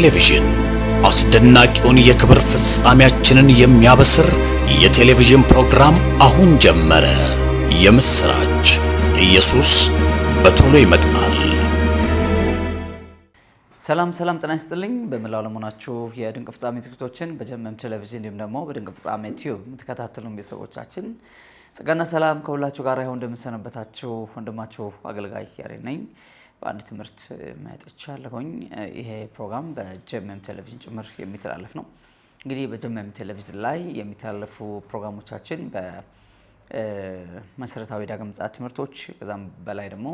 ቴሌቪዥን አስደናቂውን የክብር ፍጻሜያችንን የሚያበስር የቴሌቪዥን ፕሮግራም አሁን ጀመረ። የምስራች! ኢየሱስ በቶሎ ይመጣል። ሰላም ሰላም፣ ጤና ይስጥልኝ። በመላው ዓለም ሆናችሁ የድንቅ ፍጻሜ ዝግጅቶችን በጀመም ቴሌቪዥን እንዲሁም ደግሞ በድንቅ ፍጻሜ ቲዩብ የምትከታተሉ ቤተሰቦቻችን ጸጋና ሰላም ከሁላችሁ ጋር ይሁን። እንደምንሰነበታችሁ ወንድማችሁ አገልጋይ ያሬድ ነኝ። በአንድ ትምህርት መጥቻለሁኝ። ይሄ ፕሮግራም በጀመም ቴሌቪዥን ጭምር የሚተላለፍ ነው። እንግዲህ በጀመም ቴሌቪዥን ላይ የሚተላለፉ ፕሮግራሞቻችን በመሰረታዊ ዳግም ምጽአት ትምህርቶች ከዛም በላይ ደግሞ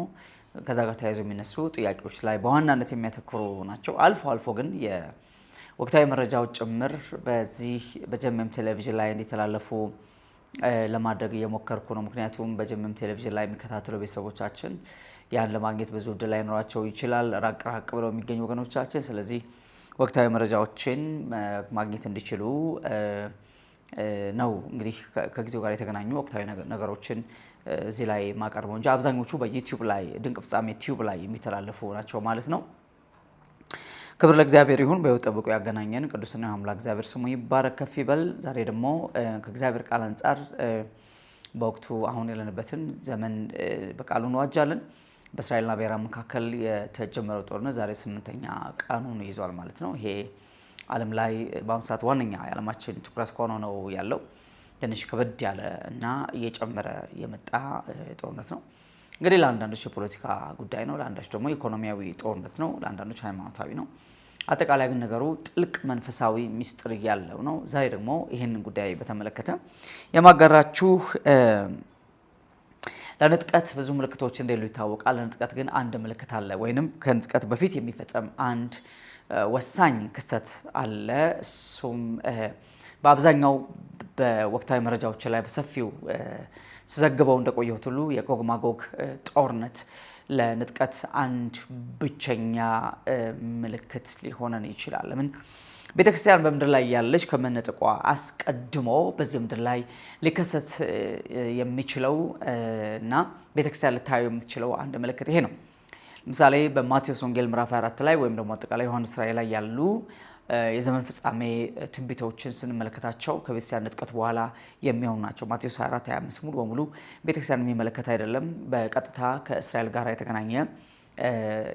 ከዛ ጋር ተያይዞ የሚነሱ ጥያቄዎች ላይ በዋናነት የሚያተኩሩ ናቸው። አልፎ አልፎ ግን የወቅታዊ መረጃዎች ጭምር በዚህ በጀመም ቴሌቪዥን ላይ እንዲተላለፉ ለማድረግ እየሞከርኩ ነው። ምክንያቱም በጅምም ቴሌቪዥን ላይ የሚከታተሉ ቤተሰቦቻችን ያን ለማግኘት ብዙ እድል ላይኖራቸው ይችላል፣ ራቅ ራቅ ብለው የሚገኙ ወገኖቻችን። ስለዚህ ወቅታዊ መረጃዎችን ማግኘት እንዲችሉ ነው እንግዲህ ከጊዜው ጋር የተገናኙ ወቅታዊ ነገሮችን እዚህ ላይ ማቀርበው እንጂ አብዛኞቹ በዩቲዩብ ላይ ድንቅ ፍጻሜ ቲዩብ ላይ የሚተላለፉ ናቸው ማለት ነው። ክብር ለእግዚአብሔር ይሁን። በሕይወት ጠብቆ ያገናኘን ቅዱስና አምላክ እግዚአብሔር ስሙ ይባረክ ከፍ ይበል። ዛሬ ደግሞ ከእግዚአብሔር ቃል አንጻር በወቅቱ አሁን ያለንበትን ዘመን በቃሉ እንዋጃለን። በእስራኤልና ብሔራ መካከል የተጀመረው ጦርነት ዛሬ ስምንተኛ ቀኑን ይዟል ማለት ነው። ይሄ ዓለም ላይ በአሁኑ ሰዓት ዋነኛ የዓለማችን ትኩረት ከሆነ ነው ያለው። ትንሽ ከበድ ያለ እና እየጨመረ የመጣ ጦርነት ነው። እንግዲህ ለአንዳንዶች የፖለቲካ ጉዳይ ነው፣ ለአንዳች ደግሞ ኢኮኖሚያዊ ጦርነት ነው፣ ለአንዳንዶች ሃይማኖታዊ ነው። አጠቃላይ ግን ነገሩ ጥልቅ መንፈሳዊ ሚስጥር ያለው ነው። ዛሬ ደግሞ ይህንን ጉዳይ በተመለከተ የማጋራችሁ ለንጥቀት ብዙ ምልክቶች እንደሌሉ ይታወቃል። ለንጥቀት ግን አንድ ምልክት አለ፣ ወይንም ከንጥቀት በፊት የሚፈጸም አንድ ወሳኝ ክስተት አለ። እሱም በአብዛኛው በወቅታዊ መረጃዎች ላይ በሰፊው ስዘግበው እንደቆየሁት ሁሉ የጎግማጎግ ጦርነት ለንጥቀት አንድ ብቸኛ ምልክት ሊሆነን ይችላል። ምን ቤተክርስቲያን በምድር ላይ ያለች ከመነጠቋ አስቀድሞ በዚህ ምድር ላይ ሊከሰት የሚችለው እና ቤተክርስቲያን ልታየው የምትችለው አንድ ምልክት ይሄ ነው። ለምሳሌ በማቴዎስ ወንጌል ምዕራፍ 4 ላይ ወይም ደግሞ አጠቃላይ ዮሐንስ ራእይ ላይ ያሉ የዘመን ፍጻሜ ትንቢቶችን ስንመለከታቸው ከቤተክርስቲያን ንጥቀት በኋላ የሚሆኑ ናቸው። ማቴዎስ 24 25 ሙሉ በሙሉ ቤተክርስቲያን የሚመለከት አይደለም። በቀጥታ ከእስራኤል ጋር የተገናኘ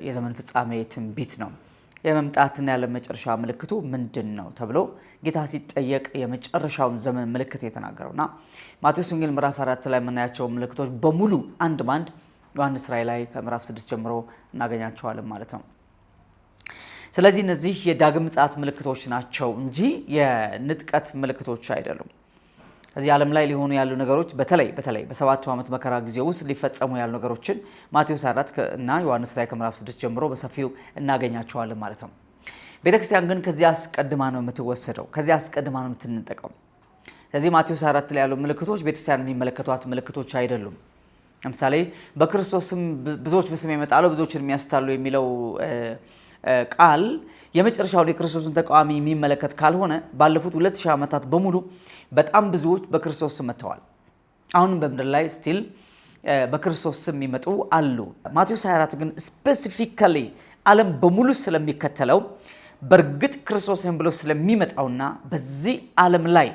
የዘመን ፍጻሜ ትንቢት ነው። የመምጣትና ያለ መጨረሻ ምልክቱ ምንድን ነው ተብሎ ጌታ ሲጠየቅ የመጨረሻውን ዘመን ምልክት የተናገረውና ማቴዎስ ወንጌል ምዕራፍ 4 ላይ የምናያቸው ምልክቶች በሙሉ አንድ ባንድ ዮሐንስ ራእይ ላይ ከምዕራፍ ስድስት ጀምሮ እናገኛቸዋለን ማለት ነው። ስለዚህ እነዚህ የዳግም ምጽአት ምልክቶች ናቸው እንጂ የንጥቀት ምልክቶች አይደሉም። እዚህ ዓለም ላይ ሊሆኑ ያሉ ነገሮች በተለይ በተለይ በሰባቱ ዓመት መከራ ጊዜ ውስጥ ሊፈጸሙ ያሉ ነገሮችን ማቴዎስ 4 እና ዮሐንስ ላይ ከምዕራፍ 6 ጀምሮ በሰፊው እናገኛቸዋለን ማለት ነው። ቤተክርስቲያን ግን ከዚህ አስቀድማ ነው የምትወሰደው፣ ከዚህ አስቀድማ ነው የምትንጠቀው። ስለዚህ ማቴዎስ 4 ላይ ያሉ ምልክቶች ቤተክርስቲያን የሚመለከቷት ምልክቶች አይደሉም። ለምሳሌ በክርስቶስም ብዙዎች በስሜ ይመጣሉ ብዙዎችን የሚያስታሉ የሚለው ቃል የመጨረሻውን የክርስቶስን ተቃዋሚ የሚመለከት ካልሆነ ባለፉት ሁለት ሺህ ዓመታት በሙሉ በጣም ብዙዎች በክርስቶስ ስም መጥተዋል። አሁንም በምድር ላይ ስቲል በክርስቶስ ስም የሚመጡ አሉ። ማቴዎስ 24 ግን ስፔሲፊካሊ ዓለም በሙሉ ስለሚከተለው በእርግጥ ክርስቶስን ብሎ ስለሚመጣውና በዚህ ዓለም ላይ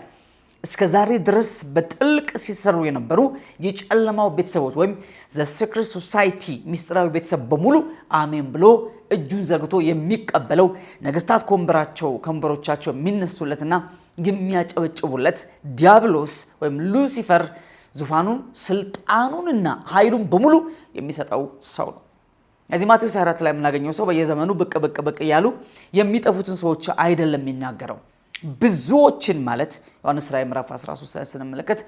እስከ ዛሬ ድረስ በጥልቅ ሲሰሩ የነበሩ የጨለማው ቤተሰቦች ወይም ዘ ሴክሬት ሶሳይቲ ሚስጥራዊ ቤተሰብ በሙሉ አሜን ብሎ እጁን ዘርግቶ የሚቀበለው ነገስታት ከወንበራቸው ከወንበሮቻቸው የሚነሱለትና የሚያጨበጭቡለት ዲያብሎስ ወይም ሉሲፈር ዙፋኑን ስልጣኑንና ኃይሉን በሙሉ የሚሰጠው ሰው ነው። እዚህ ማቴዎስ 24 ላይ የምናገኘው ሰው በየዘመኑ ብቅ ብቅ ብቅ እያሉ የሚጠፉትን ሰዎች አይደለም የሚናገረው ብዙዎችን ማለት ዮሐንስ ራይ ምዕራፍ 13 ላይ ስንመለከት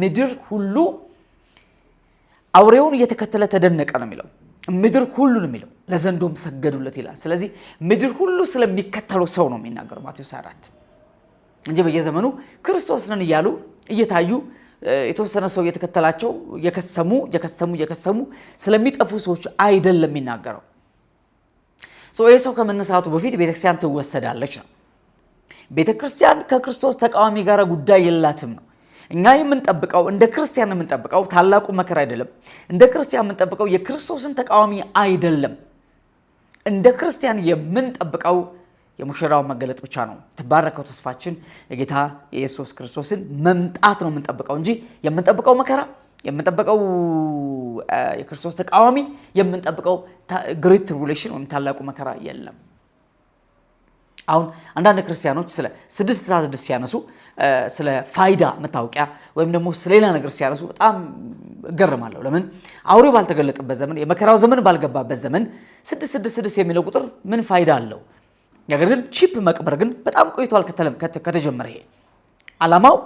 ምድር ሁሉ አውሬውን እየተከተለ ተደነቀ ነው የሚለው። ምድር ሁሉ ነው የሚለው፣ ለዘንዶም ሰገዱለት ይላል። ስለዚህ ምድር ሁሉ ስለሚከተለው ሰው ነው የሚናገረው ማቴዎስ 4 እንጂ በየዘመኑ ክርስቶስ ነን እያሉ እየታዩ የተወሰነ ሰው እየተከተላቸው የከሰሙ የከሰሙ የከሰሙ ስለሚጠፉ ሰዎች አይደለም የሚናገረው። ይህ ሰው ከመነሳቱ በፊት ቤተክርስቲያን ትወሰዳለች ነው ቤተ ክርስቲያን ከክርስቶስ ተቃዋሚ ጋር ጉዳይ የላትም ነው። እኛ የምንጠብቀው እንደ ክርስቲያን የምንጠብቀው ታላቁ መከራ አይደለም። እንደ ክርስቲያን የምንጠብቀው የክርስቶስን ተቃዋሚ አይደለም። እንደ ክርስቲያን የምንጠብቀው የሙሽራው መገለጥ ብቻ ነው። የተባረከው ተስፋችን የጌታ የኢየሱስ ክርስቶስን መምጣት ነው የምንጠብቀው እንጂ የምንጠብቀው መከራ የምንጠብቀው የክርስቶስ ተቃዋሚ የምንጠብቀው ግሬት ትሪቡሌሽን ወይም ታላቁ መከራ የለም። አሁን አንዳንድ ክርስቲያኖች ስለ ስድስት ስድስት ሲያነሱ ስለ ፋይዳ መታወቂያ ወይም ደግሞ ስለሌላ ነገር ሲያነሱ በጣም እገርማለሁ። ለምን አውሬው ባልተገለጠበት ዘመን የመከራው ዘመን ባልገባበት ዘመን ስድስት ስድስት ስድስት የሚለው ቁጥር ምን ፋይዳ አለው? ነገር ግን ቺፕ መቅበር ግን በጣም ቆይቷል ከተጀመረ ይሄ አላማው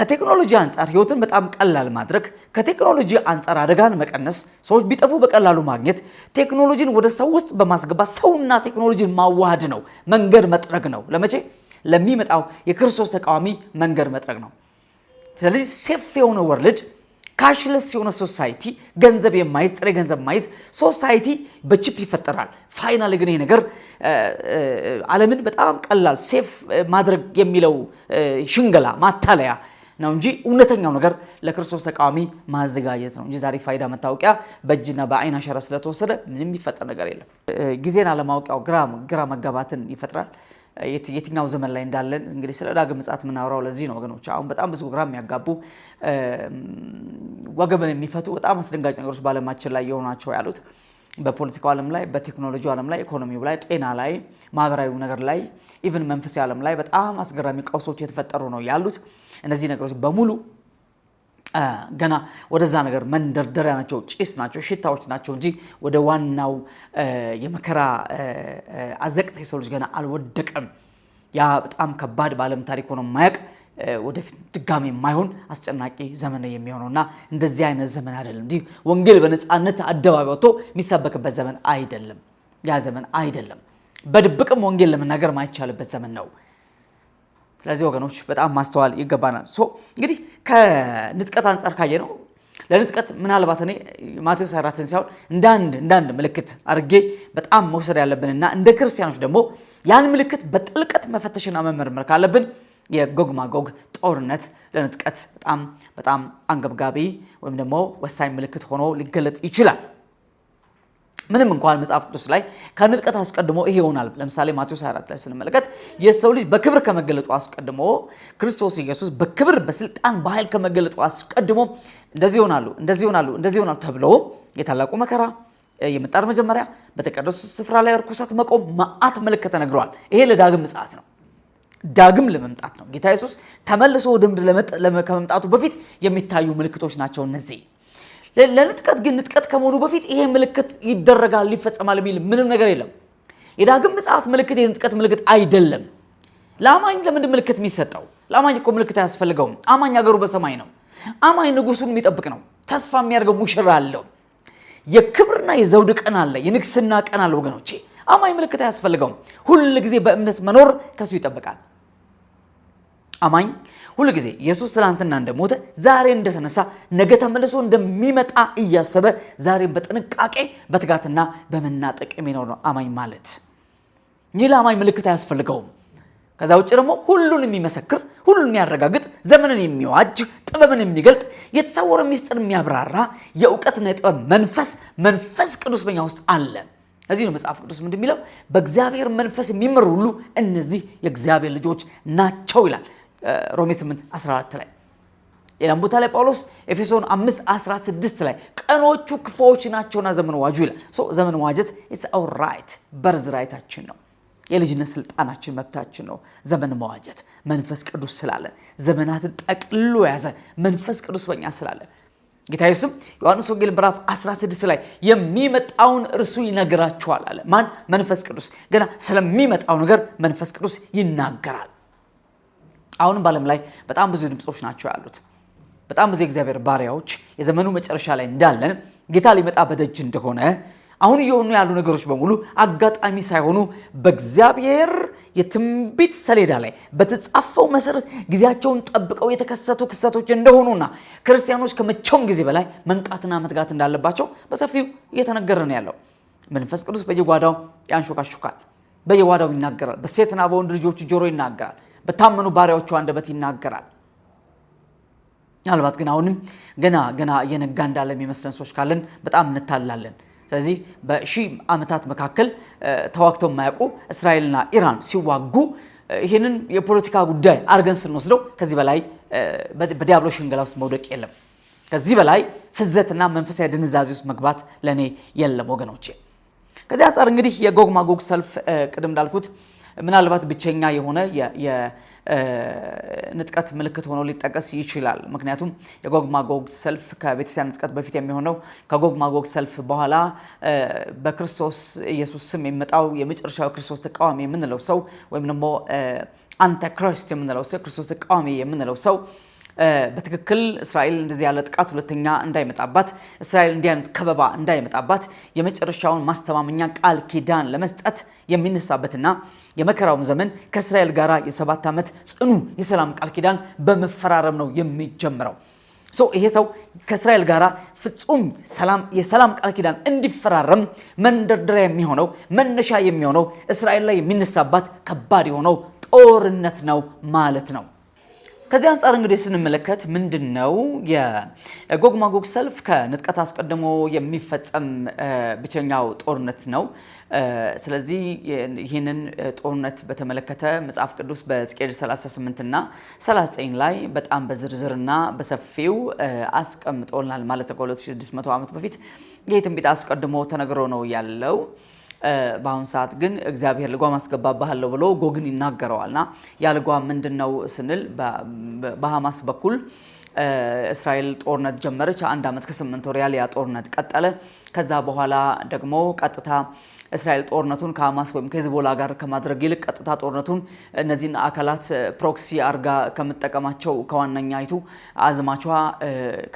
ከቴክኖሎጂ አንጻር ህይወትን በጣም ቀላል ማድረግ፣ ከቴክኖሎጂ አንጻር አደጋን መቀነስ፣ ሰዎች ቢጠፉ በቀላሉ ማግኘት፣ ቴክኖሎጂን ወደ ሰው ውስጥ በማስገባት ሰውና ቴክኖሎጂን ማዋሃድ ነው። መንገድ መጥረግ ነው። ለመቼ? ለሚመጣው የክርስቶስ ተቃዋሚ መንገድ መጥረግ ነው። ስለዚህ ሴፍ የሆነ ወርልድ ካሽለስ የሆነ ሶሳይቲ ገንዘብ የማይዝ ጥሬ ገንዘብ ማይዝ ሶሳይቲ በቺፕ ይፈጠራል። ፋይናል ግን ይሄ ነገር ዓለምን በጣም ቀላል ሴፍ ማድረግ የሚለው ሽንገላ ማታለያ ነው እንጂ እውነተኛው ነገር ለክርስቶስ ተቃዋሚ ማዘጋጀት ነው እንጂ ዛሬ ፋይዳ መታወቂያ በእጅና በአይን አሸራ ስለተወሰደ ምንም የሚፈጠር ነገር የለም። ጊዜን አለማወቂያው ግራ መጋባትን ይፈጥራል። የትኛው ዘመን ላይ እንዳለን እንግዲህ ስለ ዳግም ምጽአት የምናወራው ለዚህ ነው ወገኖች። አሁን በጣም ብዙ ግራ የሚያጋቡ ወገብን የሚፈቱ በጣም አስደንጋጭ ነገሮች በዓለማችን ላይ የሆናቸው ያሉት በፖለቲካው ዓለም ላይ በቴክኖሎጂ ዓለም ላይ ኢኮኖሚው ላይ ጤና ላይ ማህበራዊ ነገር ላይ ኢቨን መንፈሳዊ ዓለም ላይ በጣም አስገራሚ ቀውሶች የተፈጠሩ ነው ያሉት። እነዚህ ነገሮች በሙሉ ገና ወደዛ ነገር መንደርደሪያ ናቸው፣ ጭስ ናቸው፣ ሽታዎች ናቸው እንጂ ወደ ዋናው የመከራ አዘቅት የሰው ልጅ ገና አልወደቀም። ያ በጣም ከባድ በዓለም ታሪክ ሆኖ ማያቅ ወደፊት ድጋሚ የማይሆን አስጨናቂ ዘመን የሚሆነው እና እንደዚህ አይነት ዘመን አይደለም። እንዲህ ወንጌል በነፃነት አደባባይ ወጥቶ የሚሰበክበት ዘመን አይደለም። ያ ዘመን አይደለም። በድብቅም ወንጌል ለመናገር ማይቻልበት ዘመን ነው። ስለዚህ ወገኖች በጣም ማስተዋል ይገባናል። ሶ እንግዲህ ከንጥቀት አንጻር ካየ ነው ለንጥቀት ምናልባት እኔ ማቴዎስ አራትን ሳይሆን እንዳንድ እንዳንድ ምልክት አድርጌ በጣም መውሰድ ያለብን እና እንደ ክርስቲያኖች ደግሞ ያን ምልክት በጥልቀት መፈተሽና መመርመር ካለብን የጎግ ማጎግ ጦርነት ለንጥቀት በጣም በጣም አንገብጋቢ ወይም ደግሞ ወሳኝ ምልክት ሆኖ ሊገለጽ ይችላል። ምንም እንኳን መጽሐፍ ቅዱስ ላይ ከንጥቀት አስቀድሞ ይሄ ይሆናል። ለምሳሌ ማቴዎስ 24 ላይ ስንመለከት የሰው ልጅ በክብር ከመገለጡ አስቀድሞ ክርስቶስ ኢየሱስ በክብር በስልጣን በኃይል ከመገለጡ አስቀድሞ እንደዚህ ይሆናሉ፣ እንደዚህ ይሆናሉ፣ እንደዚህ ይሆናሉ ተብሎ የታላቁ መከራ የምጣድ መጀመሪያ በተቀደሱ ስፍራ ላይ እርኩሰት መቆም መዓት ምልክት ተነግረዋል። ይሄ ለዳግም ምጽአት ነው። ዳግም ለመምጣት ነው። ጌታ ኢየሱስ ተመልሶ ወደ ምድር ከመምጣቱ በፊት የሚታዩ ምልክቶች ናቸው እነዚህ። ለንጥቀት ግን ንጥቀት ከመሆኑ በፊት ይሄ ምልክት ይደረጋል ሊፈጸማል የሚል ምንም ነገር የለም። የዳግም ምጽአት ምልክት የንጥቀት ምልክት አይደለም። ለአማኝ ለምንድን ምልክት የሚሰጠው? ለአማኝ እኮ ምልክት አያስፈልገውም። አማኝ አገሩ በሰማይ ነው። አማኝ ንጉሱን የሚጠብቅ ነው። ተስፋ የሚያደርገው ሙሽራ አለው። የክብርና የዘውድ ቀን አለ፣ የንግስና ቀን አለ ወገኖቼ። አማኝ ምልክት አያስፈልገውም። ሁል ጊዜ በእምነት መኖር ከሱ ይጠብቃል። አማኝ ሁልጊዜ ኢየሱስ ትናንትና እንደሞተ ዛሬ እንደተነሳ ነገ ተመልሶ እንደሚመጣ እያሰበ ዛሬ በጥንቃቄ በትጋትና በመናጠቅ የሚኖር ነው አማኝ ማለት። ይህ ለአማኝ ምልክት አያስፈልገውም። ከዛ ውጭ ደግሞ ሁሉን የሚመሰክር ሁሉን የሚያረጋግጥ ዘመንን የሚዋጅ ጥበብን የሚገልጥ የተሰወረ ሚስጥር የሚያብራራ የእውቀትና የጥበብ መንፈስ መንፈስ ቅዱስ በኛ ውስጥ አለ። እዚህ ነው መጽሐፍ ቅዱስ ምንድን የሚለው በእግዚአብሔር መንፈስ የሚመሩ ሁሉ እነዚህ የእግዚአብሔር ልጆች ናቸው ይላል። ሮሜ 8 14 ላይ ሌላም ቦታ ላይ ጳውሎስ ኤፌሶን 5 16 ላይ ቀኖቹ ክፉዎች ናቸውና ዘመን ዋጁ ይላል። ዘመን ዋጀት ኢትስ አወር ራይት በርዝ ራይታችን ነው። የልጅነት ስልጣናችን መብታችን ነው። ዘመን መዋጀት መንፈስ ቅዱስ ስላለን ዘመናትን ጠቅልሎ ያዘ። መንፈስ ቅዱስ በኛ ስላለን ጌታ ኢየሱስም ዮሐንስ ወንጌል ምዕራፍ 16 ላይ የሚመጣውን እርሱ ይነግራችኋል አለ። ማን? መንፈስ ቅዱስ። ገና ስለሚመጣው ነገር መንፈስ ቅዱስ ይናገራል። አሁንም በዓለም ላይ በጣም ብዙ ድምፆች ናቸው ያሉት። በጣም ብዙ የእግዚአብሔር ባሪያዎች የዘመኑ መጨረሻ ላይ እንዳለን ጌታ ሊመጣ በደጅ እንደሆነ አሁን እየሆኑ ያሉ ነገሮች በሙሉ አጋጣሚ ሳይሆኑ በእግዚአብሔር የትንቢት ሰሌዳ ላይ በተጻፈው መሰረት ጊዜያቸውን ጠብቀው የተከሰቱ ክስተቶች እንደሆኑና ክርስቲያኖች ከመቼውም ጊዜ በላይ መንቃትና መትጋት እንዳለባቸው በሰፊው እየተነገረ ነው ያለው። መንፈስ ቅዱስ በየጓዳው ያንሾካሹካል፣ በየጓዳው ይናገራል። በሴትና በወንድ ልጆቹ ጆሮ ይናገራል። በታመኑ ባሪያዎቹ አንደበት ይናገራል። ምናልባት ግን አሁንም ገና ገና እየነጋ እንዳለ የሚመስለን ሰዎች ካለን በጣም እንታላለን። ስለዚህ በሺህ ዓመታት መካከል ተዋግተው የማያውቁ እስራኤልና ኢራን ሲዋጉ ይህንን የፖለቲካ ጉዳይ አድርገን ስንወስደው ከዚህ በላይ በዲያብሎ ሽንገላ ውስጥ መውደቅ የለም። ከዚህ በላይ ፍዘትና መንፈሳዊ ድንዛዜ ውስጥ መግባት ለእኔ የለም ወገኖቼ። ከዚህ አንጻር እንግዲህ የጎግ ማጎግ ሰልፍ ቅድም እንዳልኩት ምናልባት ብቸኛ የሆነ የንጥቀት ምልክት ሆኖ ሊጠቀስ ይችላል። ምክንያቱም የጎግ ማጎግ ሰልፍ ከቤተክርስቲያን ንጥቀት በፊት የሚሆነው ከጎግ ማጎግ ሰልፍ በኋላ በክርስቶስ ኢየሱስ ስም የሚመጣው የመጨረሻው ክርስቶስ ተቃዋሚ የምንለው ሰው ወይም ደግሞ አንተ ክረስት የምንለው ሰው ክርስቶስ ተቃዋሚ የምንለው ሰው በትክክል እስራኤል እንደዚህ ያለ ጥቃት ሁለተኛ እንዳይመጣባት፣ እስራኤል እንዲህ አይነት ከበባ እንዳይመጣባት የመጨረሻውን ማስተማመኛ ቃል ኪዳን ለመስጠት የሚነሳበትና የመከራውም ዘመን ከእስራኤል ጋር የሰባት ዓመት ጽኑ የሰላም ቃል ኪዳን በመፈራረም ነው የሚጀምረው። ሰው ይሄ ሰው ከእስራኤል ጋር ፍጹም የሰላም ቃል ኪዳን እንዲፈራረም መንደርደሪያ የሚሆነው መነሻ የሚሆነው እስራኤል ላይ የሚነሳባት ከባድ የሆነው ጦርነት ነው ማለት ነው። ከዚህ አንጻር እንግዲህ ስንመለከት ምንድን ነው የጎግ ማጎግ ሰልፍ ከንጥቀት አስቀድሞ የሚፈጸም ብቸኛው ጦርነት ነው። ስለዚህ ይህንን ጦርነት በተመለከተ መጽሐፍ ቅዱስ በሕዝቅኤል 38 እና 39 ላይ በጣም በዝርዝርና በሰፊው አስቀምጦልናል ማለት ነው። ከ2600 ዓመት በፊት ይህ ትንቢት አስቀድሞ ተነግሮ ነው ያለው። በአሁኑ ሰዓት ግን እግዚአብሔር ልጓም አስገባባሃለሁ ብሎ ጎግን ይናገረዋልና ያ ልጓም ምንድን ነው ስንል በሐማስ በኩል እስራኤል ጦርነት ጀመረች። አንድ ዓመት ከስምንት ወር ያለ ያ ጦርነት ቀጠለ። ከዛ በኋላ ደግሞ ቀጥታ እስራኤል ጦርነቱን ከሀማስ ወይም ከሄዝቦላ ጋር ከማድረግ ይልቅ ቀጥታ ጦርነቱን እነዚህን አካላት ፕሮክሲ አርጋ ከምጠቀማቸው ከዋነኛይቱ አዝማቿ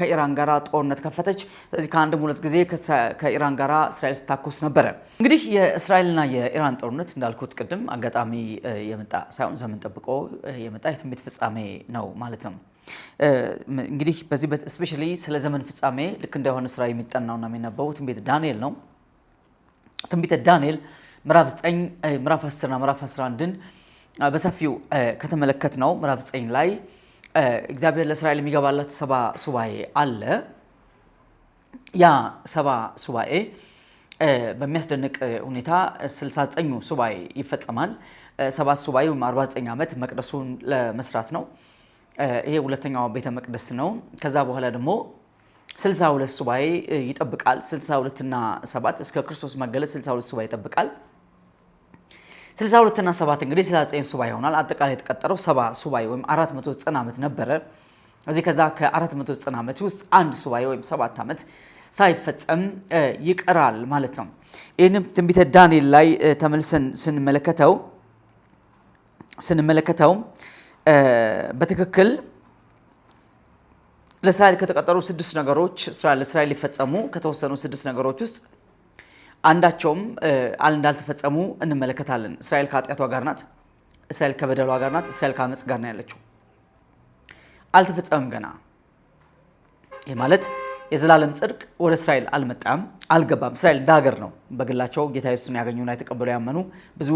ከኢራን ጋራ ጦርነት ከፈተች። ስለዚህ ከአንድም ሁለት ጊዜ ከኢራን ጋራ እስራኤል ስታኮስ ነበረ። እንግዲህ የእስራኤልና የኢራን ጦርነት እንዳልኩት ቅድም አጋጣሚ የመጣ ሳይሆን ዘመን ጠብቆ የመጣ የትንቢት ፍጻሜ ነው ማለት ነው። እንግዲህ በዚህ ስፔሻሊ ስለ ዘመን ፍጻሜ ልክ እንደ ስራ የሚጠናውና የሚነበቡት ትንቢተ ዳንኤል ነው። ትንቢተ ዳንኤል ምዕራፍ 9 ምዕራፍ 10 እና ምዕራፍ 11ን በሰፊው ከተመለከት ነው ምዕራፍ 9 ላይ እግዚአብሔር ለእስራኤል የሚገባላት ሰባ ሱባኤ አለ። ያ ሰባ ሱባኤ በሚያስደንቅ ሁኔታ 69ኙ ሱባኤ ይፈጸማል። ሰባት ሱባኤ ወይም 49 ዓመት መቅደሱን ለመስራት ነው። ይሄ ሁለተኛው ቤተ መቅደስ ነው። ከዛ በኋላ ደግሞ 62 ሱባኤ ይጠብቃል። ስልሳ ሁለትና ሰባት እስከ ክርስቶስ መገለጽ ሁለት ሱባኤ ይጠብቃል። ስልሳ ሁለትና ሰባት እንግዲህ ዘጠኝ ሱባኤ ይሆናል። አጠቃላይ የተቀጠረው ሰባ ሱባኤ ወይም ዘጠና ዓመት ነበረ። እዚህ ከዛ መቶ ዘጠና ዓመት ውስጥ አንድ ሱባኤ ወይም ሰባት ዓመት ሳይፈጸም ይቀራል ማለት ነው። ይህንም ትንቢተ ዳንኤል ላይ ተመልሰን ስንመለከተው ስንመለከተው በትክክል ለእስራኤል ከተቀጠሩ ስድስት ነገሮች ለእስራኤል ሊፈጸሙ ከተወሰኑ ስድስት ነገሮች ውስጥ አንዳቸውም እንዳልተፈጸሙ እንመለከታለን። እስራኤል ከኃጢአቷ ጋር ናት። እስራኤል ከበደሏ ጋር ናት። እስራኤል ከአመፅ ጋር ነው ያለችው። አልተፈጸመም ገና። ይህ ማለት የዘላለም ጽድቅ ወደ እስራኤል አልመጣም፣ አልገባም። እስራኤል ሀገር ነው። በግላቸው ጌታ ኢየሱስን ያገኙና የተቀበሉ ያመኑ ብዙ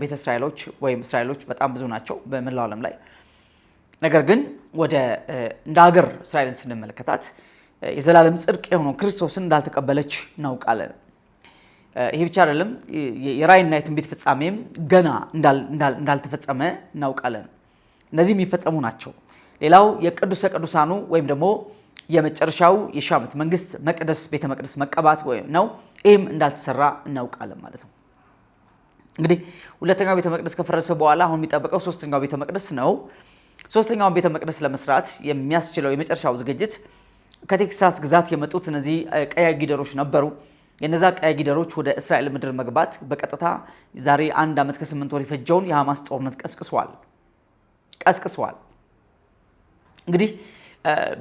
ቤተ እስራኤሎች ወይም እስራኤሎች በጣም ብዙ ናቸው በመላው ዓለም ላይ ነገር ግን ወደ እንደ ሀገር እስራኤልን ስንመለከታት የዘላለም ጽድቅ የሆነው ክርስቶስን እንዳልተቀበለች እናውቃለን። ይሄ ብቻ አይደለም፣ የራእይና የትንቢት ፍጻሜም ገና እንዳልተፈጸመ እናውቃለን። እነዚህ የሚፈጸሙ ናቸው። ሌላው የቅዱሰ ቅዱሳኑ ወይም ደግሞ የመጨረሻው የሺህ ዓመት መንግስት መቅደስ ቤተ መቅደስ መቀባት ነው። ይህም እንዳልተሰራ እናውቃለን ማለት ነው። እንግዲህ ሁለተኛው ቤተ መቅደስ ከፈረሰ በኋላ አሁን የሚጠበቀው ሶስተኛው ቤተ መቅደስ ነው። ሶስተኛውን ቤተ መቅደስ ለመስራት የሚያስችለው የመጨረሻው ዝግጅት ከቴክሳስ ግዛት የመጡት እነዚህ ቀያይ ጊደሮች ነበሩ። የነዛ ቀያይ ጊደሮች ወደ እስራኤል ምድር መግባት በቀጥታ ዛሬ አንድ ዓመት ከስምንት ወር የፈጀውን የሐማስ ጦርነት ቀስቅሷል ቀስቅሷል። እንግዲህ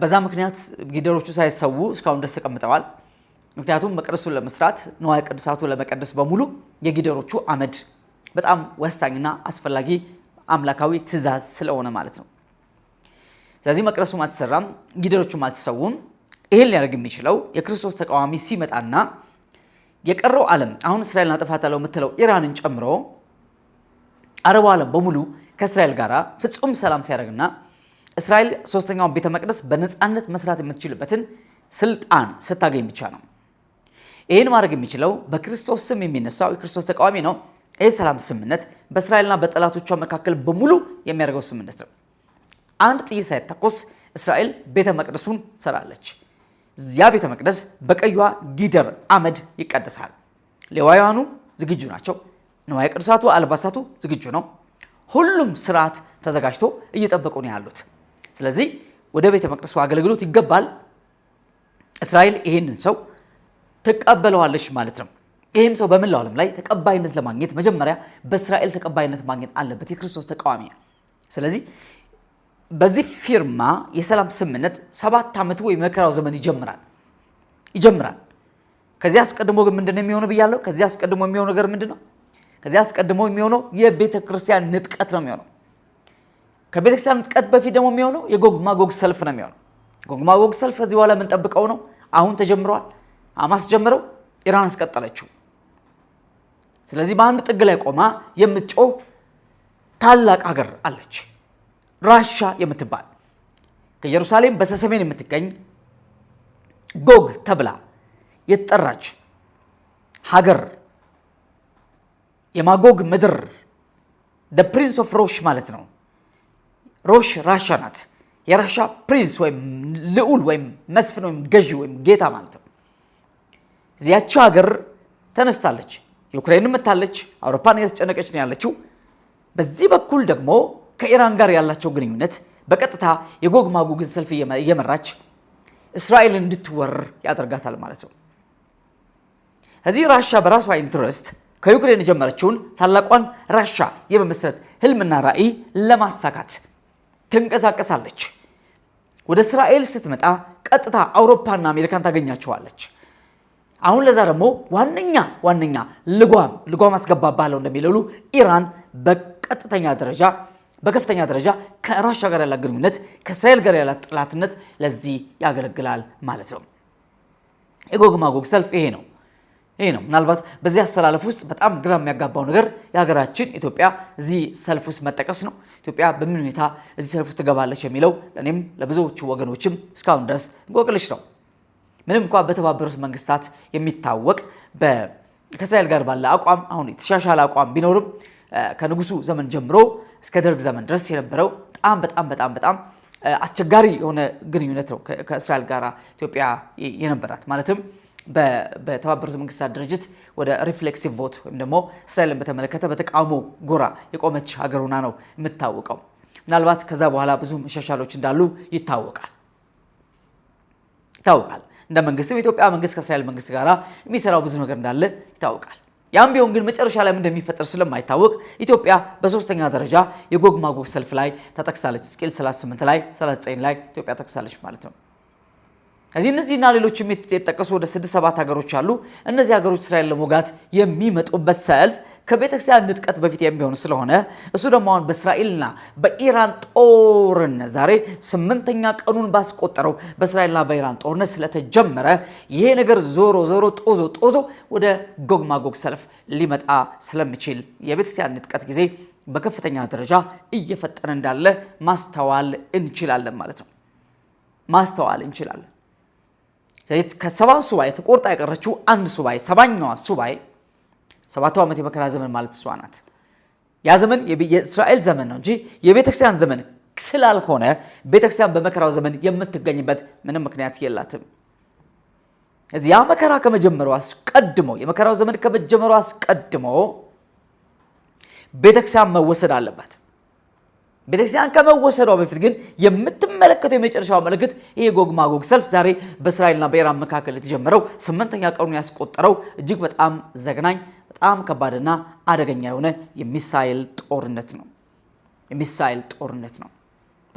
በዛ ምክንያት ጊደሮቹ ሳይሰዉ እስካሁን ድረስ ተቀምጠዋል። ምክንያቱም መቅደሱን ለመስራት ንዋየ ቅዱሳቱ ለመቀደስ በሙሉ የጊደሮቹ አመድ በጣም ወሳኝና አስፈላጊ አምላካዊ ትእዛዝ ስለሆነ ማለት ነው። ስለዚህ መቅደሱም አልተሰራም፣ ጊደሮቹም አልተሰዉም። ይሄን ሊያደርግ የሚችለው የክርስቶስ ተቃዋሚ ሲመጣና የቀረው ዓለም አሁን እስራኤል አጠፋታለሁ የምትለው ኢራንን ጨምሮ አረቡ ዓለም በሙሉ ከእስራኤል ጋር ፍጹም ሰላም ሲያደርግና እስራኤል ሶስተኛውን ቤተ መቅደስ በነፃነት መስራት የምትችልበትን ስልጣን ስታገኝ ብቻ ነው። ይህን ማድረግ የሚችለው በክርስቶስ ስም የሚነሳው የክርስቶስ ተቃዋሚ ነው። ይህ ሰላም ስምምነት በእስራኤልና በጠላቶቿ መካከል በሙሉ የሚያደርገው ስምምነት ነው። አንድ ጥይት ሳይተኮስ እስራኤል ቤተ መቅደሱን ትሰራለች። ያ ቤተ መቅደስ በቀዩዋ ጊደር አመድ ይቀደሳል። ሌዋውያኑ ዝግጁ ናቸው። ንዋየ ቅድሳቱ፣ አልባሳቱ ዝግጁ ነው። ሁሉም ስርዓት ተዘጋጅቶ እየጠበቁ ነው ያሉት። ስለዚህ ወደ ቤተ መቅደሱ አገልግሎት ይገባል። እስራኤል ይህንን ሰው ትቀበለዋለች ማለት ነው። ይህም ሰው በመላው ዓለም ላይ ተቀባይነት ለማግኘት መጀመሪያ በእስራኤል ተቀባይነት ማግኘት አለበት፣ የክርስቶስ ተቃዋሚ። ስለዚህ በዚህ ፊርማ የሰላም ስምምነት ሰባት ዓመቱ ወይ መከራው ዘመን ይጀምራል ይጀምራል። ከዚህ አስቀድሞ ግን ምንድነው የሚሆነው ብያለሁ። ከዚህ አስቀድሞ የሚሆነው ነገር ምንድን ነው? ከዚህ አስቀድሞ የሚሆነው የቤተ ክርስቲያን ንጥቀት ነው የሚሆነው። ከቤተ ክርስቲያን ንጥቀት በፊት ደግሞ የሚሆነው የጎግ ማጎግ ሰልፍ ነው የሚሆነው። ጎግ ማጎግ ሰልፍ ከዚህ በኋላ የምንጠብቀው ነው። አሁን ተጀምረዋል። አማስ ጀምረው ኢራን አስቀጠለችው። ስለዚህ በአንድ ጥግ ላይ ቆማ የምትጮህ ታላቅ ሀገር አለች፣ ራሻ የምትባል ከኢየሩሳሌም በሰሜን የምትገኝ ጎግ ተብላ የተጠራች ሀገር የማጎግ ምድር ፕሪንስ ኦፍ ሮሽ ማለት ነው። ሮሽ ራሻ ናት። የራሻ ፕሪንስ ወይም ልዑል ወይም መስፍን ወይም ገዢ ወይም ጌታ ማለት ነው። እዚያች ሀገር ተነስታለች። ዩክሬን መታለች፣ አውሮፓን ያስጨነቀች ነው ያለችው። በዚህ በኩል ደግሞ ከኢራን ጋር ያላቸው ግንኙነት በቀጥታ የጎግ ማጎግን ሰልፍ እየመራች እስራኤል እንድትወር ያደርጋታል ማለት ነው። እዚህ ራሻ በራሷ ኢንትረስት ከዩክሬን የጀመረችውን ታላቋን ራሻ የመመስረት ህልምና ራዕይ ለማሳካት ትንቀሳቀሳለች። ወደ እስራኤል ስትመጣ ቀጥታ አውሮፓና አሜሪካን ታገኛቸዋለች። አሁን ለዛ ደግሞ ዋነኛ ዋነኛ ልጓም ልጓም አስገባ ባለው እንደሚለሉ ኢራን በቀጥተኛ ደረጃ በከፍተኛ ደረጃ ከራሻ ጋር ያላት ግንኙነት ከእስራኤል ጋር ያላት ጥላትነት ለዚህ ያገለግላል ማለት ነው። የጎግ ማጎግ ሰልፍ ይሄ ነው ይሄ ነው። ምናልባት በዚህ አሰላለፍ ውስጥ በጣም ግራ የሚያጋባው ነገር የሀገራችን ኢትዮጵያ እዚህ ሰልፍ ውስጥ መጠቀስ ነው። ኢትዮጵያ በምን ሁኔታ እዚህ ሰልፍ ውስጥ ትገባለች የሚለው ለእኔም ለብዙዎቹ ወገኖችም እስካሁን ድረስ እንቆቅልሽ ነው። ምንም እንኳ በተባበሩት መንግስታት የሚታወቅ ከእስራኤል ጋር ባለ አቋም አሁን የተሻሻለ አቋም ቢኖርም ከንጉሱ ዘመን ጀምሮ እስከ ደርግ ዘመን ድረስ የነበረው በጣም በጣም በጣም በጣም አስቸጋሪ የሆነ ግንኙነት ነው ከእስራኤል ጋር ኢትዮጵያ የነበራት ማለትም በተባበሩት መንግስታት ድርጅት ወደ ሪፍሌክሲቭ ቮት ወይም ደግሞ እስራኤልን በተመለከተ በተቃውሞ ጎራ የቆመች ሀገር ሆና ነው የምታወቀው። ምናልባት ከዛ በኋላ ብዙ መሻሻሎች እንዳሉ ይታወቃል ይታወቃል። እንደ መንግስትም የኢትዮጵያ መንግስት ከእስራኤል መንግስት ጋር የሚሰራው ብዙ ነገር እንዳለ ይታወቃል። ያም ቢሆን ግን መጨረሻ ላይ እንደሚፈጠር ስለማይታወቅ ኢትዮጵያ በሶስተኛ ደረጃ የጎግ ማጎግ ሰልፍ ላይ ተጠቅሳለች። ስቅል 38 ላይ 39 ላይ ኢትዮጵያ ተጠቅሳለች ማለት ነው። እዚህ እነዚህና ሌሎችም የተጠቀሱ ወደ ስድስት ሰባት ሀገሮች አሉ። እነዚህ ሀገሮች እስራኤል ለመውጋት የሚመጡበት ሰልፍ ከቤተክርስቲያን ንጥቀት በፊት የሚሆን ስለሆነ እሱ ደግሞ አሁን በእስራኤልና በኢራን ጦርነት ዛሬ ስምንተኛ ቀኑን ባስቆጠረው በእስራኤልና በኢራን ጦርነት ስለተጀመረ ይሄ ነገር ዞሮ ዞሮ ጦዞ ጦዞ ወደ ጎግ ማጎግ ሰልፍ ሊመጣ ስለሚችል የቤተክርስቲያን ንጥቀት ጊዜ በከፍተኛ ደረጃ እየፈጠነ እንዳለ ማስተዋል እንችላለን ማለት ነው። ማስተዋል እንችላለን። ከሰባ ሱባኤ ተቆርጣ የቀረችው አንድ ሱባኤ ሰባኛዋ ሱባኤ ሰባቱ ዓመት የመከራ ዘመን ማለት እሷ ናት። ያ ዘመን የእስራኤል ዘመን ነው እንጂ የቤተክርስቲያን ዘመን ስላልሆነ ቤተክርስቲያን በመከራው ዘመን የምትገኝበት ምንም ምክንያት የላትም። እዚህ ያ መከራ ከመጀመሩ አስቀድሞ የመከራው ዘመን ከመጀመሩ አስቀድሞ ቤተክርስቲያን መወሰድ አለባት። ቤተክርስቲያን ከመወሰዷ በፊት ግን የምትመለከተው የመጨረሻው ምልክት ይሄ ጎግ ማጎግ ሰልፍ ዛሬ በእስራኤልና በኢራን መካከል የተጀመረው ስምንተኛ ቀኑን ያስቆጠረው እጅግ በጣም ዘግናኝ፣ በጣም ከባድና አደገኛ የሆነ የሚሳኤል ጦርነት ነው። የሚሳይል ጦርነት ነው።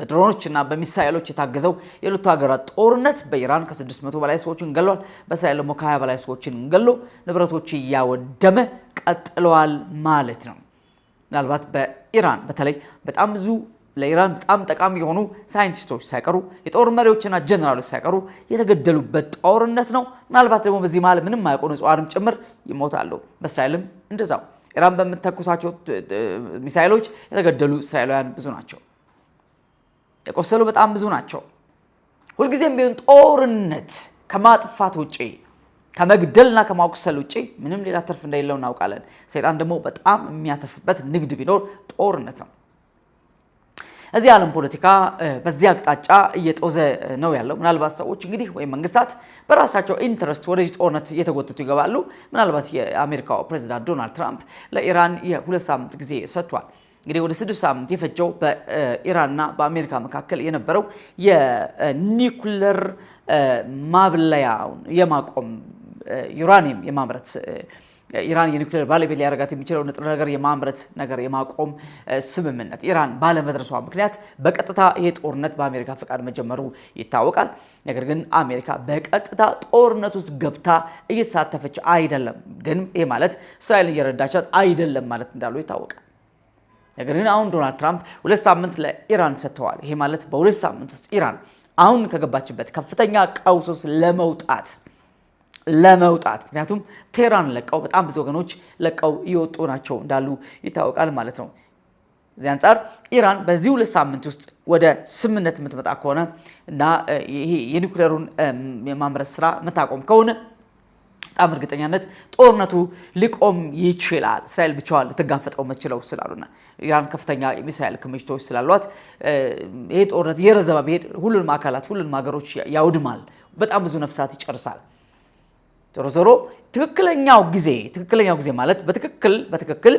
በድሮኖች እና በሚሳኤሎች የታገዘው የሁለቱ ሀገራት ጦርነት በኢራን ከ600 በላይ ሰዎችን ገሏል። በእስራኤል ደግሞ ከ20 በላይ ሰዎችን ገሎ ንብረቶች እያወደመ ቀጥለዋል ማለት ነው። ምናልባት በኢራን በተለይ በጣም ብዙ ለኢራን በጣም ጠቃሚ የሆኑ ሳይንቲስቶች ሳይቀሩ የጦር መሪዎችና ጀነራሎች ሳይቀሩ የተገደሉበት ጦርነት ነው። ምናልባት ደግሞ በዚህ መሀል ምንም ማያውቁ ንጹሐንም ጭምር ይሞታሉ። በእስራኤልም እንደዛው ኢራን በምትተኩሳቸው ሚሳይሎች የተገደሉ እስራኤላውያን ብዙ ናቸው። የቆሰሉ በጣም ብዙ ናቸው። ሁልጊዜም ቢሆን ጦርነት ከማጥፋት ውጪ ከመግደልና ከማቁሰል ውጭ ምንም ሌላ ትርፍ እንደሌለው እናውቃለን። ሰይጣን ደግሞ በጣም የሚያተርፍበት ንግድ ቢኖር ጦርነት ነው። እዚህ የዓለም ፖለቲካ በዚህ አቅጣጫ እየጦዘ ነው ያለው። ምናልባት ሰዎች እንግዲህ ወይም መንግስታት በራሳቸው ኢንትረስት ወደዚህ ጦርነት እየተጎተቱ ይገባሉ። ምናልባት የአሜሪካው ፕሬዚዳንት ዶናልድ ትራምፕ ለኢራን የሁለት ሳምንት ጊዜ ሰጥቷል። እንግዲህ ወደ ስድስት ሳምንት የፈጀው በኢራንና በአሜሪካ መካከል የነበረው የኒኩለር ማብለያውን የማቆም ዩራኒየም የማምረት ኢራን የኒክሌር ባለቤት ሊያደርጋት የሚችለው ንጥረ ነገር የማምረት ነገር የማቆም ስምምነት ኢራን ባለመድረሷ ምክንያት በቀጥታ ይሄ ጦርነት በአሜሪካ ፈቃድ መጀመሩ ይታወቃል። ነገር ግን አሜሪካ በቀጥታ ጦርነት ውስጥ ገብታ እየተሳተፈች አይደለም። ግን ይህ ማለት እስራኤልን እየረዳቻት አይደለም ማለት እንዳሉ ይታወቃል። ነገር ግን አሁን ዶናልድ ትራምፕ ሁለት ሳምንት ለኢራን ሰጥተዋል። ይሄ ማለት በሁለት ሳምንት ውስጥ ኢራን አሁን ከገባችበት ከፍተኛ ቀውስ ውስጥ ለመውጣት ለመውጣት ምክንያቱም ቴራን ለቀው በጣም ብዙ ወገኖች ለቀው እየወጡ ናቸው እንዳሉ ይታወቃል ማለት ነው። እዚህ አንጻር ኢራን በዚህ ሁለት ሳምንት ውስጥ ወደ ስምምነት የምትመጣ ከሆነ እና ይሄ የኒውክሌሩን የማምረት ስራ የምታቆም ከሆነ በጣም እርግጠኛነት ጦርነቱ ሊቆም ይችላል። እስራኤል ብቻዋን ልትጋፈጠው መችለው ስላሉና ኢራን ከፍተኛ የሚሳኤል ክምችቶች ስላሏት ይሄ ጦርነት የረዘመ ብሄድ ሁሉንም አካላት ሁሉንም ሀገሮች ያውድማል። በጣም ብዙ ነፍሳት ይጨርሳል። ዞሮ ዞሮ ትክክለኛው ጊዜ ትክክለኛው ጊዜ ማለት በትክክል በትክክል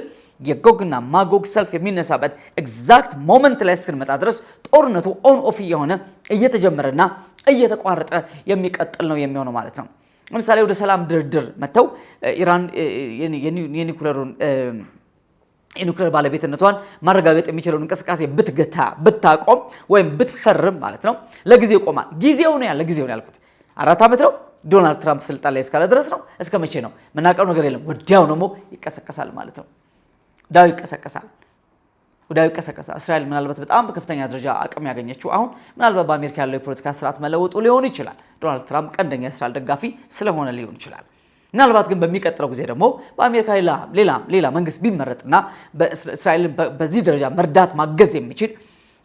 የጎግና ማጎግ ሰልፍ የሚነሳበት ኤግዛክት ሞመንት ላይ እስክንመጣ ድረስ ጦርነቱ ኦን ኦፍ እየሆነ እየተጀመረና እየተቋረጠ የሚቀጥል ነው የሚሆነው ማለት ነው። ለምሳሌ ወደ ሰላም ድርድር መጥተው ኢራን የኒኩለሩን የኒኩሌር ባለቤትነቷን ማረጋገጥ የሚችለውን እንቅስቃሴ ብትገታ ብታቆም ወይም ብትፈርም ማለት ነው ለጊዜ ይቆማል። ጊዜው ነው ያለ ጊዜው ነው ያልኩት አራት ዓመት ነው ዶናልድ ትራምፕ ስልጣን ላይ እስካለ ድረስ ነው። እስከ መቼ ነው የምናውቀው ነገር የለም። ወዲያው ደግሞ ይቀሰቀሳል ማለት ነው። ዳው ይቀሰቀሳል፣ ወዲያው ይቀሰቀሳል። እስራኤል ምናልባት በጣም በከፍተኛ ደረጃ አቅም ያገኘችው አሁን ምናልባት በአሜሪካ ያለው የፖለቲካ ስርዓት መለወጡ ሊሆን ይችላል። ዶናልድ ትራምፕ ቀንደኛ የእስራኤል ደጋፊ ስለሆነ ሊሆን ይችላል። ምናልባት ግን በሚቀጥለው ጊዜ ደግሞ በአሜሪካ ሌላ ሌላ መንግስት ቢመረጥና እስራኤልን በዚህ ደረጃ መርዳት ማገዝ የሚችል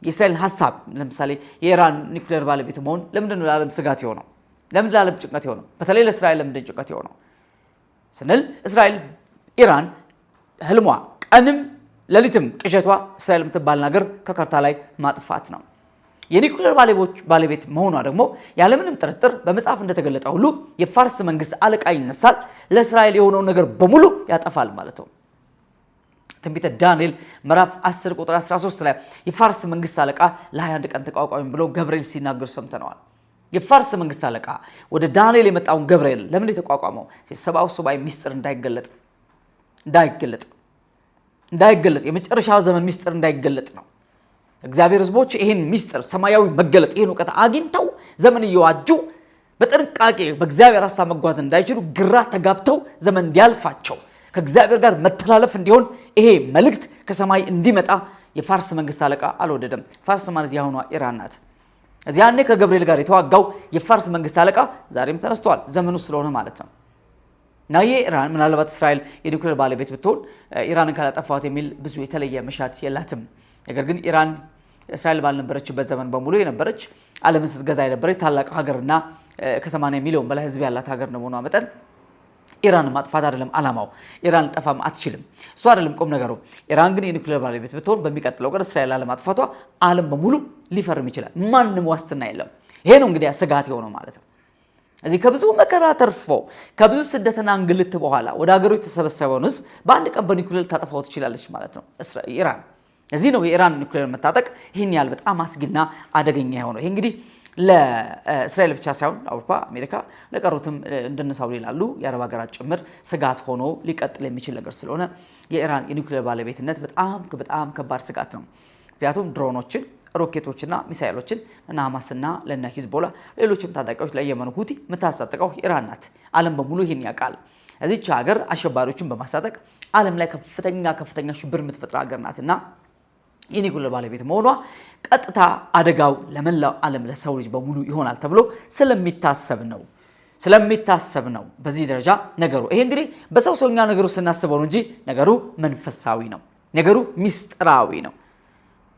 የእስራኤልን ሀሳብ ለምሳሌ የኢራን ኒውክሌር ባለቤት መሆን ለምንድን ነው ለዓለም ስጋት የሆነው? ለምን ለዓለም ጭንቀት የሆነው በተለይ ለእስራኤል ለምንድን ጭንቀት የሆነው ስንል እስራኤል ኢራን ህልሟ ቀንም ሌሊትም ቅዠቷ እስራኤል የምትባል ነገር ከካርታ ላይ ማጥፋት ነው። የኒውክሌር ባለቤቶች ባለቤት መሆኗ ደግሞ ያለምንም ጥርጥር በመጽሐፍ እንደተገለጠ ሁሉ የፋርስ መንግስት አለቃ ይነሳል፣ ለእስራኤል የሆነውን ነገር በሙሉ ያጠፋል ማለት ነው። ትንቢተ ዳንኤል ምዕራፍ 10 ቁጥር 13 ላይ የፋርስ መንግስት አለቃ ለ21 ቀን ተቋቋሚ ብሎ ገብርኤል ሲናገር ሰምተነዋል። የፋርስ መንግስት አለቃ ወደ ዳንኤል የመጣውን ገብርኤል ለምን የተቋቋመው? የሰብአዊ ሱባኤ ሚስጥር እንዳይገለጥ እንዳይገለጥ እንዳይገለጥ የመጨረሻ ዘመን ሚስጥር እንዳይገለጥ ነው። እግዚአብሔር ህዝቦች ይህን ሚስጥር ሰማያዊ መገለጥ ይህን እውቀት አግኝተው ዘመን እየዋጁ በጥንቃቄ በእግዚአብሔር ሀሳብ መጓዝ እንዳይችሉ ግራ ተጋብተው ዘመን እንዲያልፋቸው ከእግዚአብሔር ጋር መተላለፍ እንዲሆን ይሄ መልእክት ከሰማይ እንዲመጣ የፋርስ መንግስት አለቃ አልወደደም። ፋርስ ማለት የአሁኗ ኢራን ናት። እዚህ ያኔ ከገብርኤል ጋር የተዋጋው የፋርስ መንግስት አለቃ ዛሬም ተነስተዋል። ዘመኑ ስለሆነ ማለት ነው። እና ይህ ኢራን ምናልባት እስራኤል የኒውክሌር ባለቤት ብትሆን ኢራንን ካላጠፋት የሚል ብዙ የተለየ መሻት የላትም። ነገር ግን ኢራን እስራኤል ባልነበረችበት ዘመን በሙሉ የነበረች ዓለምን ስትገዛ የነበረች ታላቅ ሀገርና ከ80 ሚሊዮን በላይ ህዝብ ያላት ሀገር እንደመሆኗ መጠን ኢራን ማጥፋት አይደለም አላማው ኢራን ጠፋም አትችልም። እሱ አይደለም ቁም ነገሩ። ኢራን ግን የኒውክሌር ባለቤት ብትሆን በሚቀጥለው ቀን እስራኤል አለማጥፋቷ አለም በሙሉ ሊፈርም ይችላል። ማንም ዋስትና የለም። ይሄ ነው እንግዲህ ስጋት የሆነው ማለት ነው። እዚህ ከብዙ መከራ ተርፎ ከብዙ ስደትና እንግልት በኋላ ወደ ሀገሩ የተሰበሰበውን ህዝብ በአንድ ቀን በኒኩሌር ታጠፋው ትችላለች ማለት ነው ኢራን። እዚህ ነው የኢራን ኒኩሌር መታጠቅ ይህን ያህል በጣም አስጊና አደገኛ የሆነው። ይሄ እንግዲህ ለእስራኤል ብቻ ሳይሆን አውሮፓ፣ አሜሪካ ለቀሩትም እንደነ ይላሉ የአረብ ሀገራት ጭምር ስጋት ሆኖ ሊቀጥል የሚችል ነገር ስለሆነ የኢራን የኒኩሌር ባለቤትነት በጣም በጣም ከባድ ስጋት ነው። ምክንያቱም ድሮኖችን ሮኬቶችና ሚሳይሎችን ለነ ሐማስና ለነ ሂዝቦላ ሌሎችም ታጣቂዎች ለየመኑ ሁቲ የምታስታጥቀው ኢራን ናት። ዓለም በሙሉ ይህን ያውቃል። እዚች ሀገር አሸባሪዎችን በማሳጠቅ ዓለም ላይ ከፍተኛ ከፍተኛ ሽብር የምትፈጥር ሀገር ናትና የኔ ባለቤት መሆኗ ቀጥታ አደጋው ለመላው ዓለም ለሰው ልጅ በሙሉ ይሆናል ተብሎ ስለሚታሰብ ነው ስለሚታሰብ ነው በዚህ ደረጃ ነገሩ። ይሄ እንግዲህ በሰው ሰውኛ ነገሩ ስናስበው ነው እንጂ ነገሩ መንፈሳዊ ነው፣ ነገሩ ሚስጥራዊ ነው።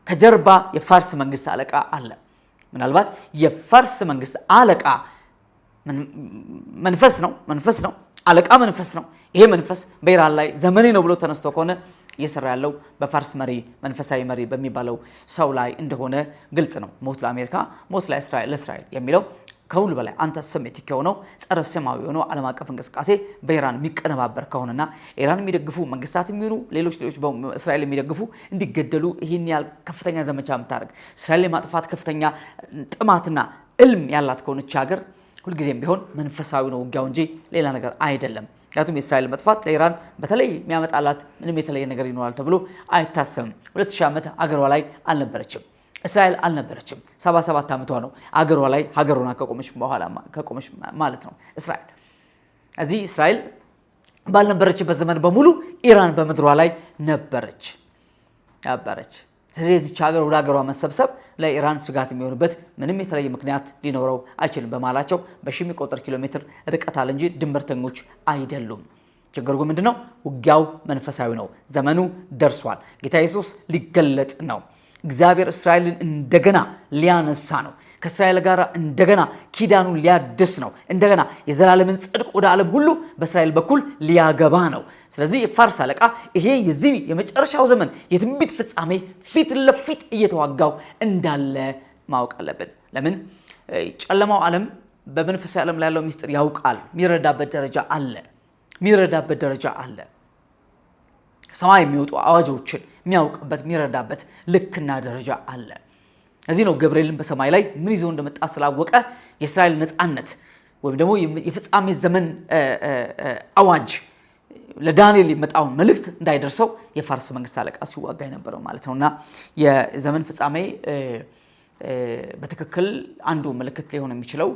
ከጀርባ የፋርስ መንግስት አለቃ አለ። ምናልባት የፋርስ መንግስት አለቃ መንፈስ ነው መንፈስ ነው አለቃ መንፈስ ነው። ይሄ መንፈስ በኢራን ላይ ዘመኔ ነው ብሎ ተነስቶ ከሆነ እየሰራ ያለው በፋርስ መሪ መንፈሳዊ መሪ በሚባለው ሰው ላይ እንደሆነ ግልጽ ነው። ሞት ለአሜሪካ ሞት ለእስራኤል የሚለው ከሁሉ በላይ አንተ ሰሜቲክ የሆነው ጸረ ሰማዊ የሆነው ዓለም አቀፍ እንቅስቃሴ በኢራን የሚቀነባበር ከሆነና ኢራን የሚደግፉ መንግስታት የሚሆኑ ሌሎች ሌሎች እስራኤል የሚደግፉ እንዲገደሉ ይህን ያህል ከፍተኛ ዘመቻ የምታደርግ እስራኤል የማጥፋት ከፍተኛ ጥማትና እልም ያላት ከሆነች ሀገር ሁልጊዜም ቢሆን መንፈሳዊ ነው ውጊያው እንጂ ሌላ ነገር አይደለም። ምክንያቱም የእስራኤል መጥፋት ለኢራን በተለይ የሚያመጣላት ምንም የተለየ ነገር ይኖራል ተብሎ አይታሰብም። ሁለት ሺህ ዓመት አገሯ ላይ አልነበረችም። እስራኤል አልነበረችም። 77 ዓመቷ ነው አገሯ ላይ ሀገሯና ከቆመች በኋላ ከቆመች ማለት ነው እስራኤል እዚህ እስራኤል ባልነበረችበት ዘመን በሙሉ ኢራን በምድሯ ላይ ነበረች ነበረች። ስለዚህ የዚች ሀገር ወደ ሀገሯ መሰብሰብ ለኢራን ስጋት የሚሆንበት ምንም የተለየ ምክንያት ሊኖረው አይችልም። በማላቸው በሺህ የሚቆጠር ኪሎ ሜትር ርቀት አለ እንጂ ድንበርተኞች አይደሉም። ችግሩ ምንድን ነው? ውጊያው መንፈሳዊ ነው። ዘመኑ ደርሷል። ጌታ ኢየሱስ ሊገለጥ ነው። እግዚአብሔር እስራኤልን እንደገና ሊያነሳ ነው። ከእስራኤል ጋር እንደገና ኪዳኑን ሊያድስ ነው። እንደገና የዘላለምን ጽድቅ ወደ ዓለም ሁሉ በእስራኤል በኩል ሊያገባ ነው። ስለዚህ የፋርስ አለቃ ይሄ የዚህ የመጨረሻው ዘመን የትንቢት ፍጻሜ ፊት ለፊት እየተዋጋው እንዳለ ማወቅ አለብን። ለምን ጨለማው ዓለም በመንፈሳዊ ዓለም ላይ ያለው ሚስጥር ያውቃል። የሚረዳበት ደረጃ አለ። የሚረዳበት ደረጃ አለ። ከሰማይ የሚወጡ አዋጆችን የሚያውቅበት የሚረዳበት ልክና ደረጃ አለ። እዚህ ነው ገብርኤልን በሰማይ ላይ ምን ይዞ እንደመጣ ስላወቀ የእስራኤል ነፃነት ወይም ደግሞ የፍጻሜ ዘመን አዋጅ ለዳንኤል የመጣውን መልእክት እንዳይደርሰው የፋርስ መንግስት አለቃ ሲዋጋ የነበረው ማለት ነው እና የዘመን ፍጻሜ በትክክል አንዱ ምልክት ሊሆን የሚችለው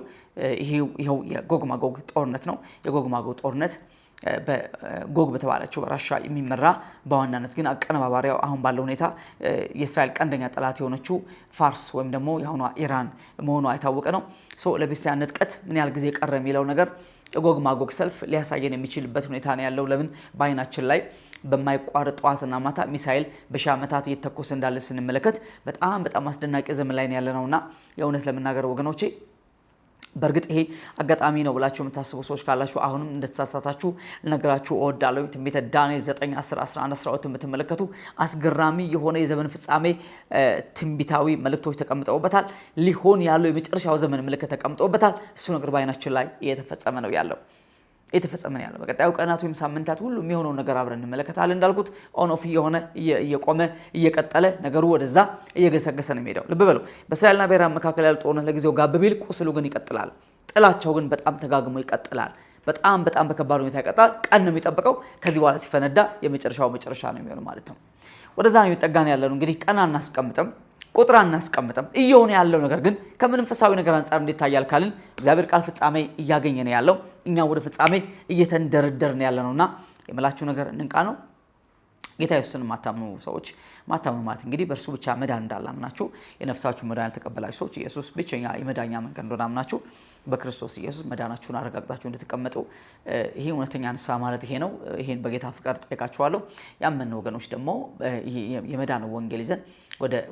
ይኸው የጎግ ጦርነት ነው። የጎግ ጦርነት በጎግ በተባለችው በራሻ የሚመራ በዋናነት ግን አቀነባባሪያው አሁን ባለው ሁኔታ የእስራኤል ቀንደኛ ጠላት የሆነችው ፋርስ ወይም ደግሞ የአሁኗ ኢራን መሆኗ የታወቀ ነው። ለቤስቲያን ንጥቀት ምን ያህል ጊዜ ቀረ የሚለው ነገር ጎግ ማጎግ ሰልፍ ሊያሳየን የሚችልበት ሁኔታ ነው ያለው። ለምን በአይናችን ላይ በማይቋረጥ ጠዋትና ማታ ሚሳይል በሺ ዓመታት እየተኮሰ እንዳለ ስንመለከት በጣም በጣም አስደናቂ ዘመን ላይ ያለ እና የእውነት ለመናገር ወገኖቼ በእርግጥ ይሄ አጋጣሚ ነው ብላችሁ የምታስቡ ሰዎች ካላችሁ አሁንም እንደተሳሳታችሁ ልነግራችሁ እወዳለሁ። ትንቢተ ዳንኤል 9 10 11 12 የምትመለከቱ አስገራሚ የሆነ የዘመን ፍጻሜ ትንቢታዊ መልእክቶች ተቀምጠውበታል። ሊሆን ያለው የመጨረሻው ዘመን ምልክት ተቀምጠውበታል። እሱ ነገር በአይናችን ላይ እየተፈጸመ ነው ያለው። የተፈጸመ ያለው። በቀጣዩ ቀናት ወይም ሳምንታት ሁሉ የሚሆነው ነገር አብረን እንመለከታለን። እንዳልኩት ኦን እየሆነ እየቆመ እየቀጠለ ነገሩ ወደዛ እየገሰገሰ ነው የሚሄደው። ልብ በሉ። በእስራኤልና በኢራን መካከል ያለ ጦርነት ለጊዜው ጋብ ቢል፣ ቁስሉ ግን ይቀጥላል። ጥላቸው ግን በጣም ተጋግሞ ይቀጥላል። በጣም በጣም በከባድ ሁኔታ ይቀጥላል። ቀን ነው የሚጠብቀው። ከዚህ በኋላ ሲፈነዳ የመጨረሻው መጨረሻ ነው የሚሆነው ማለት ነው። ወደዛ ነው የሚጠጋን ያለ እንግዲህ ቀን አናስቀምጥም። ቁጥር አናስቀምጥም። እየሆነ ያለው ነገር ግን ከመንፈሳዊ ነገር አንጻር እንዴት ታያል ካልን እግዚአብሔር ቃል ፍጻሜ እያገኘ ነው ያለው፣ እኛ ወደ ፍጻሜ እየተንደረደርን ያለ ነውና የምላችሁ ነገር እንንቃ ነው። ጌታ ኢየሱስን የማታምኑ ሰዎች ማታምኑ ማለት እንግዲህ በእርሱ ብቻ መዳን እንዳላምናችሁ የነፍሳችሁ መዳን ያልተቀበላችሁ ሰዎች ኢየሱስ ብቸኛ የመዳኛ መንገድ እንደሆነ አምናችሁ በክርስቶስ ኢየሱስ መዳናችሁን አረጋግጣችሁ እንድትቀመጡ ይህ እውነተኛ ንስሐ ማለት ይሄ ነው። ይህን በጌታ ፍቃድ ጠይቃችኋለሁ። ያመን ወገኖች ደግሞ የመዳን ወንጌል ይዘን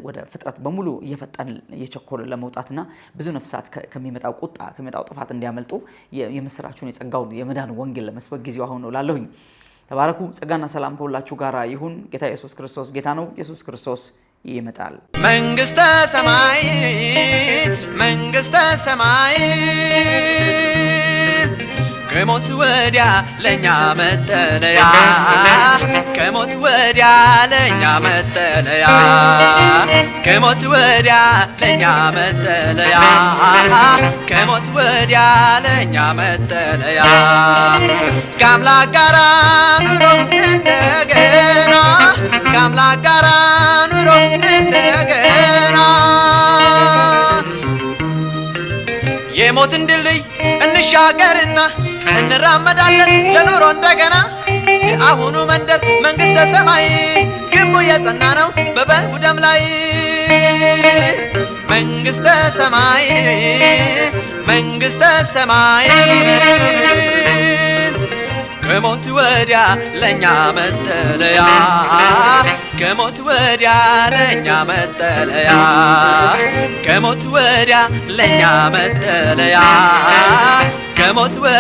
ወደ ፍጥረት በሙሉ እየፈጠን እየቸኮል ለመውጣትና ብዙ ነፍሳት ከሚመጣው ቁጣ ከሚመጣው ጥፋት እንዲያመልጡ የምስራችሁን የጸጋውን የመዳን ወንጌል ለመስበክ ጊዜው አሁን ነው ላለሁኝ ተባረኩ። ጸጋና ሰላም ከሁላችሁ ጋር ይሁን። ጌታ ኢየሱስ ክርስቶስ ጌታ ነው። ኢየሱስ ክርስቶስ ይመጣል። መንግስተ ሰማይ መንግስተ ሰማይ ከሞት ወዲያ ለእኛ መጠለያ ወዲያ ለእኛ መጠለያ ከሞት ወዲያ ለእኛ መጠለያ ከሞት ወዲያ ለእኛ መጠለያ ከአምላክ ጋራ ኑሮ እንደገና ከአምላክ ጋራ ኑሮ እንደገና የሞትን ድልድይ እንሻገርና እንራመዳለን ለኑሮ እንደገና የአሁኑ መንደ እስከ ሰማይ ግንቡ የጸና ነው በበጉ ደም ላይ መንግስተ ሰማይ መንግስተ ሰማይ ከሞት ወዲያ ለእኛ መጠለያ ከሞት ወዲያ ለእኛ መጠለያ ከሞት ወዲያ ለእኛ መጠለያ ከሞት